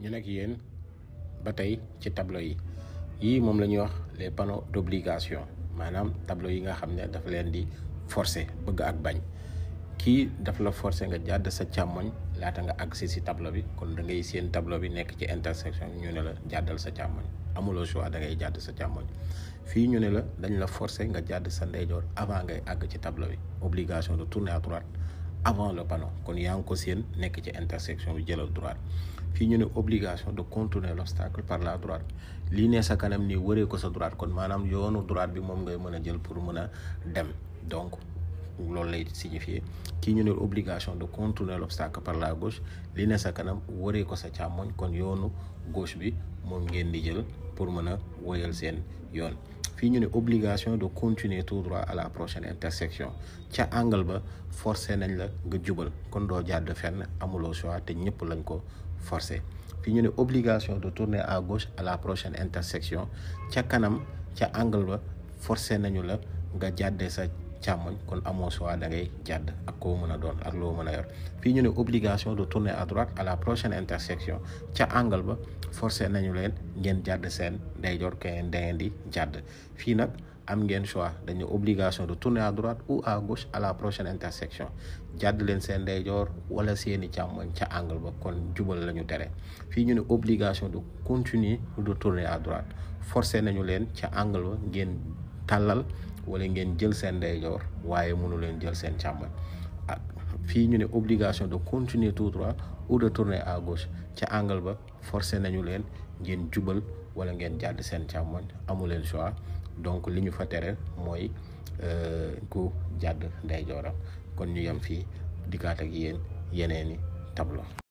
ñu nekk yéen ba tey ci tableau yi yii moom la ñuy wax les panneaux d'obligation maanaam tableau yi nga xam ne dafa leen di forcer bëgg ak bañ kii daf la forcer nga jàdd sa càmmoñ laata nga agsi si tableau bi kon da ngay seen tableau bi nekk ci intersection ñu ne la jàddal sa càmmoñ amuloo choix da ngay jàdd sa càmmoñ fii ñu ne la dañ la forcer nga jàdd sa ndeyjoor avant ngay àgg ci tableau bi obligation de tourner à droite avant le panneau kon yaa ngi ko seen nekk ci intersection bi jëlal droite fii ñu ne obligation de contourner l'obstacle par la droite lii ne sa kanam nii wëree ko sa droite kon maanaam yoonu droite bi moom ngay mën a jël pour mën a dem donc loolu lay signifier kii ñu ne obligation de contourner l'obstacle par la gauche lii ne sa kanam waree ko sa càmmoñ kon yoonu gauche bi moom ngeen di jël pour mën a woyal seen yoon fii ñu ne obligation de continuer tout droit à la prochaine intersection ca angle ba forcé nañ la nga jubal kon doo jàdd fenn amuloo choix te ñëpp lañ ko forcé fii ñu ne obligation de tourner à gauche à la prochaine intersection ca kanam ca angle ba forcé nañu la nga jàddee sa càmmoñ kon amoo choix da jàdd ak koo mën a doon ak loo mën a yor fii ñu ne obligation de tourner à droite à la prochaine intersection ca angle ba forcé nañu leen ngeen jàdd seen ndeyjoor keneen da ngeen di jàdd fii nag am ngeen choix dañu obligation de tourner à droite ou à gauche à la prochaine intersection jàdd leen seen ndeyjoor wala seeni càmmoñ ca angle ba kon jubal lañu tere fii ñu ne obligation du continuer de tourner à droite forcé nañu leen ca angle ngeen tàllal wala ngeen jël seen ndeyjoor waaye mënu leen jël seen càmmoñ ak ah, fii ñu ne obligation de continuer tout droit ou de tourner à gauche ca angle ba forcé nañu leen ngeen jubal wala ngeen jàdd seen càmmoñ amu leen choix donc li ñu fa tere mooy euh, ku jàdd ndeyjooram kon ñu yem fii dikkaat ak yéen yeneeni tablo